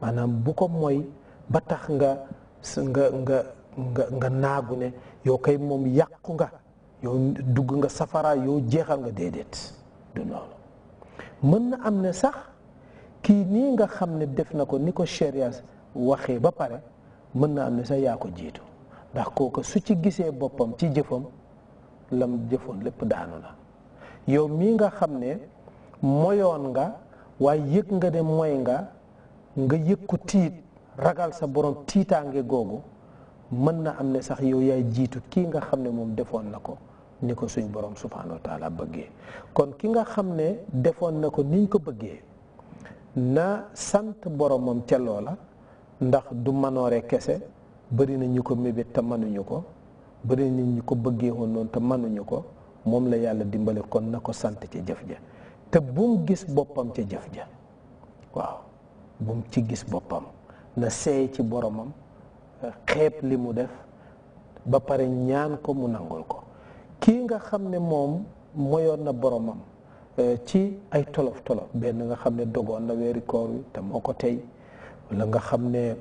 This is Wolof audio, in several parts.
maanaam bu ko mooy ba tax nga nga nga nga nga naagu ne yow kay moom yàqu nga yow dugg nga safara yow jeexal nga déedéet du noonu mën na am ne sax kii nii nga xam ne def na ko ni ko sharia waxee ba pare mën na am ne sax yaa ko ndax kooka su ci gisee boppam ci jëfam lam jëfoon lépp daanu na yow mii nga xam ne moyoon nga waaye yëg nga ne moy nga nga yëg ko tiit ragal sa borom tiitaange googu mën na am ne sax yow yaay jiitu kii nga xam ne moom defoon na ko ni ko suñ borom subhanahu wa bëggee kon ki nga xam ne defoon na ko niñ ko bëggee na sant boromam ca loola ndax du manoore kese bëri na ko mébét te manuñu ko bëri na ñu ko bëggee woon noonu te manuñu ko moom la yàlla dimbali kon na ko sant ca jëf ja te bum gis boppam ca jëf ja waaw bu mu ci gis boppam na seey ci boromam xeeb li mu def ba pare ñaan ko mu nangul ko kii nga xam ne moom moyoon na boromam e, ci ay tolof tolof benn nga xam ne dogoon na weeri koor wi te moo ko tey wala nga xam ne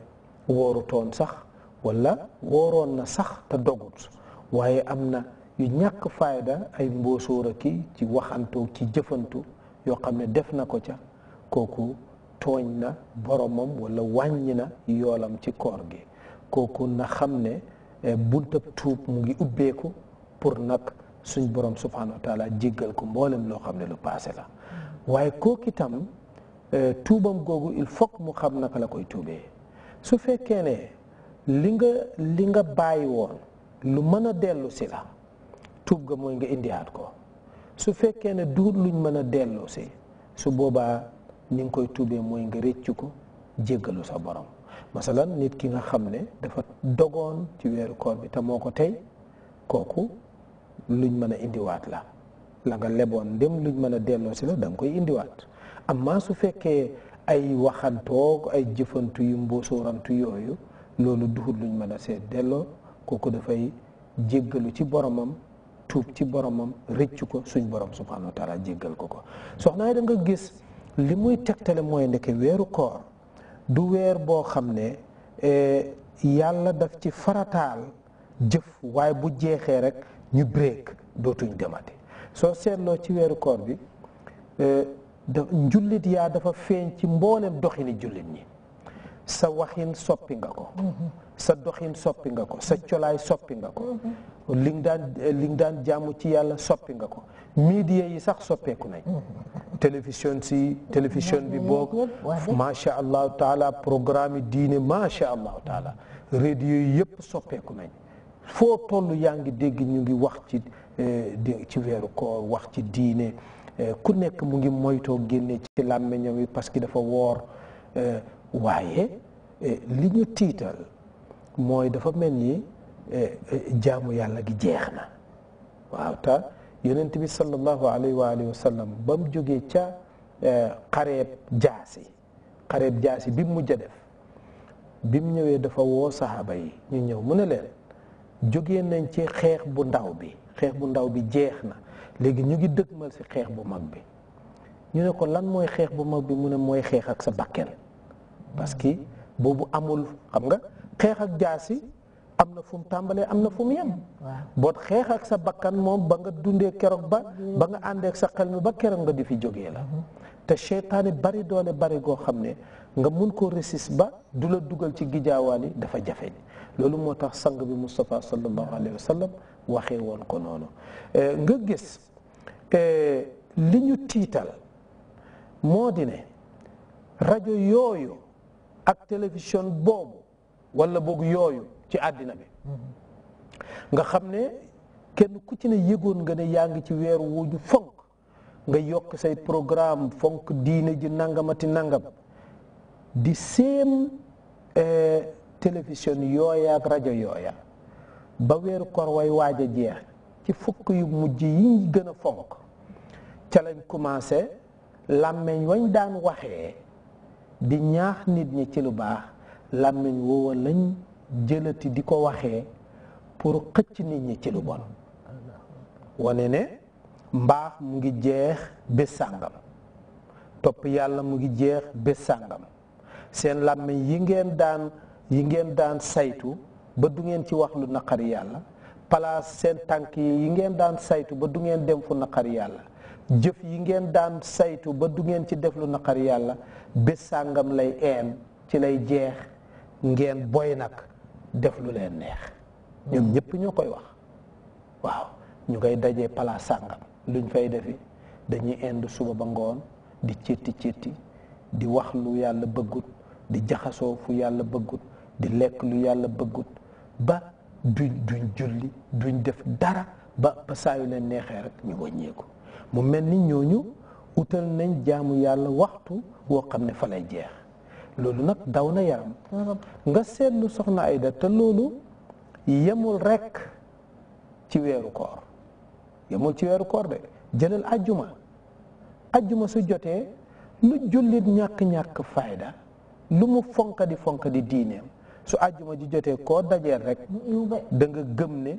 wóorutoon sax walla wóoroon na sax te dogut waaye am na yu ñàkk fayda ay mbóosóor ki ci waxantu ci jëfantu yoo xam ne def na ko ca kooku tooñ na boromam wala wàññi na yoolam ci koor gi kooku na xam ne eh, buntab tuub mu ngi ubbeeku pour nag suñ borom subhanahu wa taala ko mboolem loo xam ne lu paase la waaye kooku itam eh, tuubam googu il faut mu xam naka la koy tuubee su fekkee ne li nga li nga bàyyi woon lu mën a dellu si la tuub ga mooy nga indiaat ko su fekkee ne duut luñ mën a dellu su boobaa ni nga koy tuubee mooy nga rëccu ko jéggalu sa borom masalan nit ki nga xam ne dafa dogoon ci weeru koor bi te moo ko tey kooku luñ mën a indiwaat la la nga leboon ndem luñ mën a delloo si la danga koy indiwaat amma su fekkee ay waxantoog ay jëfantu yu mbóosóorantu yooyu loolu duhut luñ mën a seet delloo kooku dafay jéggalu ci boromam tuub ci boromam rëccu ko suñ borom subhanahu wa taala jéggal ko ko soxna yi da gis li muy tegtale mooy ndeke weeru koor du weer boo xam ne e, yàlla daf ci farataal jëf waaye bu jeexee rek ñu break dootuñ demati soo seetloo ci weeru koor bi e, da njullit yaa dafa feeñ ci mboolem doxini njulit ñi sa waxin soppi nga ko mm-hmm. sa doxin soppi nga ko sa colaay soppi nga ko mhm. li nga daan li nga daan jaamu ci yàlla soppi nga ko media yi sax soppeeku nañ mhm. télévision si télévision bi mhm. boog macha allahu taala programme diine macha allahu taala radio yi yëpp soppeeku nañ foo toll yaa ngi dégg ñu ngi wax ci eh, ci weeru koor wax ci diine eh, ku nekk mu ngi moytoo génne ci làmmeñam yi parce que dafa woor eh, waaye li ñu tiital mooy dafa mel ni eh, eh, jaamu yàlla gi jeex na waaw te yonent bi sallallahu alayhi wa alihi ba mu jógee ca eh, xareeb jaasi xareeb jaasi bi mu mujj a def bi mu ñëwee dafa woo saxaaba yi ñu ñëw mu ne leen jógee nañ ci xeex bu ndaw bi xeex bu ndaw bi jeex na léegi ñu ngi dëgg dëgmal si xeex bu mag bi ñu ne ko lan mooy xeex bu mag bi mu ne mooy xeex ak sa bakken parce que boobu amul xam nga xeex ak jaasi am na fu mu tàmbalee am na fu mu yem boot xeex ak sa bakkan moom ba nga dundee keroog ba ba nga ak sa xel ba keroog nga di fi jógee la mhm. te seytaane bari doole bari goo xam ne nga mun ko ba du la dugal ci dafa jafe loolu moo tax sang bi Moustapha sallallahu alayhi wa sallam waxee woon ko noonu eh, nga gis eh, li ñu tiital moo di ne ak télévision boobu wala boog yooyu ci àddina bi nga xam ne kenn ku ci ne yëgoon nga ne yaa ngi ci weer wuñu fonk nga yokk say programme fonk diine ji nangamati nangam di seen eh, télévision yooya ak rajo yooya ba weeru kor way waaj a jeex ci fukk yu mujj yi gën a fonk ca lañ commencé làmmeñ wañ daan waxee di ñaax nit ñi ci lu baax làmmiñ woowa lañ jëlati di ko waxee pour xëcc nit ñi ci lu bon wane ne mbaax mu ngi jeex bés sàngam topp yàlla mu ngi jeex bés sàngam seen làmmiñ yi ngeen daan yi ngeen daan saytu ba du ngeen ci wax lu naqari yàlla palaas seen tànk yi ngeen daan saytu ba du ngeen dem fu jëf yi ngeen daan saytu ba du ngeen ci def lu naqari yàlla bés sàngam lay een ci lay jeex ngeen boy nag def lu leen neex ñoom ñëpp ñoo koy wax waaw ñu koy dajee palaas sàngam luñ fay defi dañuy ind suba ba ngoon di cétti cétti di wax lu yàlla bëggut di jaxasoo fu yàlla bëggut di lekk lu yàlla bëggut ba duñ duñ julli duñ def dara ba saayu saa leen neexee rek ñu wàññeeku mu mel ni ñooñu utal nañ jaamu yàlla waxtu woo xam ne fa lay jeex loolu nag daw na yaram nga seetlu soxna Ayda te loolu yemul rekk ci weeru koor yemul ci weeru koor de jëlal ajjuma ajjuma su jotee lu jullit ñàkk-ñàkk fayda lu mu fonka di fonka di diineem su ajjuma ji jotee koo dajeel rek da gëm ne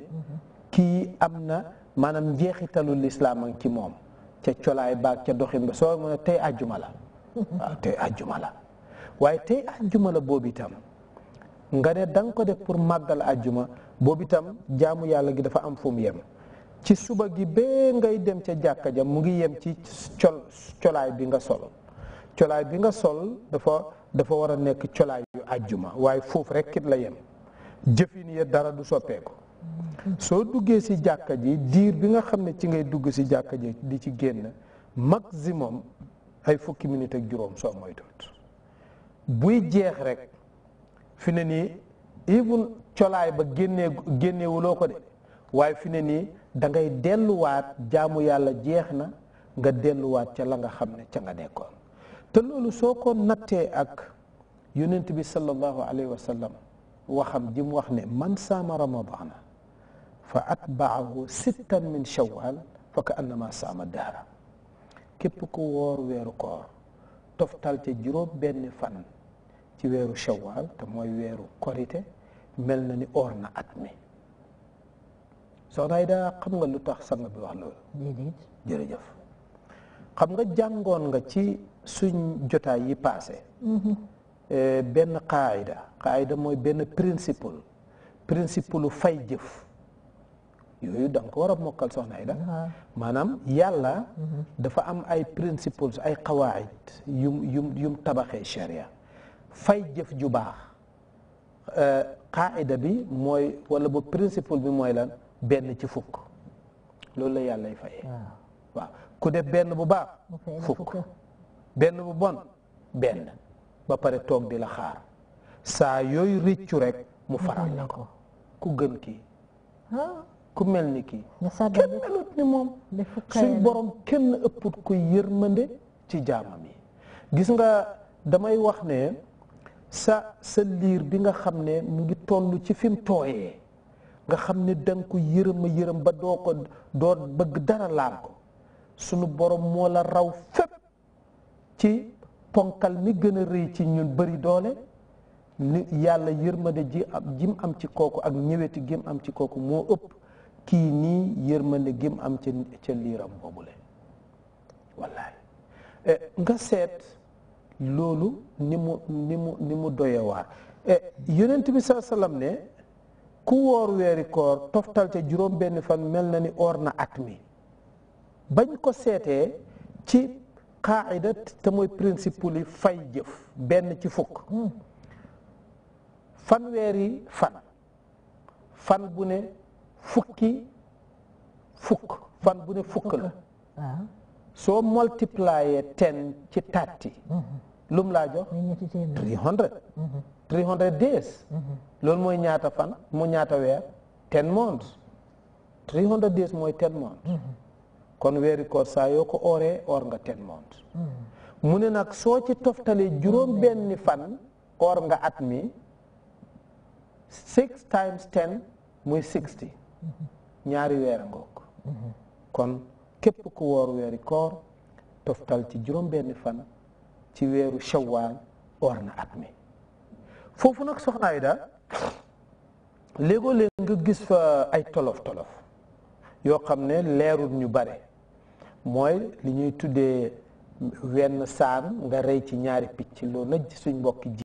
kii am na maanaam njeexitalu lislaam ci moom ca colaay baag ca doxin ba soo mën a tey ajjuma la waaw tey ajjuma la waaye tey ajjuma la boobu itam nga ne danga ko def pour màggal ajjuma boobu itam jaamu yàlla gi dafa am fu yem ci suba gi bee ngay dem ca jàkka ja mu ngi yem ci col colaay bi nga sol colaay bi nga sol dafa dafa war a nekk colaay yu ajjuma waaye foofu rek kit la yem jëfin ya dara du soppeeku soo duggee si jàkka ji diir bi nga xam ne ci ngay dugg si jàkka ji di ci génn maximum ay fukki minute ak juróom soo moytuwut buy jeex rek fi ne nii even colaay ba génnee génnewuloo ko de waaye fi ne nii dangay delluwaat jaamu yàlla jeex na nga delluwaat ca la nga xam ne ca nga nekkoon te loolu soo ko nattee ak yonent bi sallallahu alayhi wa sallam waxam ji wax ne man saama ramadana fa atbaahu sittan min shawal fa ka annama saama dahra képp ku woor weeru koor toftal ca juróom benn fan ci weeru shawaal te mooy weeru korite mel na ni oor na at mi soxna yi da xam nga lu tax sang bi wax loolu jërëjëf xam nga jàngoon nga ci suñ jotaay yi paase mm-hmm. eh, benn qaayida qaayida mooy benn principle principlu fay jëf yooyu da nga ko war a mokkal soxna yi da ah. maanaam yàlla mm-hmm. dafa am ay principles ay qawaid yum yu yum tabaxee sharia fay jëf ju baax euh, qaida bi mooy wala ba principal bi mooy lan benn ci fukk loolu la yàllay fayee ah. waaw ku def benn bu baax fukk benn bu bon benn ba pare toog di la xaar saa yooyu rëccu rek mu faral la ko ku gën kii ku mel ni kii kenn melut ni moom suñ borom kenn ëpput ko yërmande ci jaamam yi gis nga damay wax ne sa sa liir bi nga xam ne mu ngi toll ci fi mu tooyee nga xam ne da nga ko yërëm ba doo ko doo bëgg dara laal ko sunu boroom moo la raw fépp ci ponkal ni gën a rëy ci ñun bari doole yàlla yërmande ji am jim am ci kooku ak ñëweti gim am ci kooku moo ëpp kii nii yërmande gim am ca ca liiram boobule wallaay eh, nga seet loolu ni mu ni mu ni mu doye waar eh, yonent bi saa salaam ne ku woor weeri koor toftal ca juróom benn fan mel na ni oor na at mi bañ ko seetee ci xaaida te mooy principe fay jëf benn ci fukk hmm. fanweeri fan fan bu ne fukki fukk fan bu ne fukk la ah. soo multiplier ten ci tàtti lum laa jox three hundred mm-hmm. three hundred days mm-hmm. loolu mooy ñaata fan mu ñaata weer ten months three hundred days mooy ten months mm-hmm. kon weeri koor saa yoo ko ooree oor nga ten months ne nag soo ci toftalee juróom fan oor nga at mi six muy sixty ñaari weer a ngoog kon képp ku woor weeri koor toftal ci juróom benni fan ci weeru shawaal or na at mi foofu nag soxna Ayda léegoo léeg nga gis fa ay tolof tolof yoo xam ne leerul ñu bare mooy li ñuy tuddee wenn saan nga rey ci ñaari picc loolu nag suñ mbokki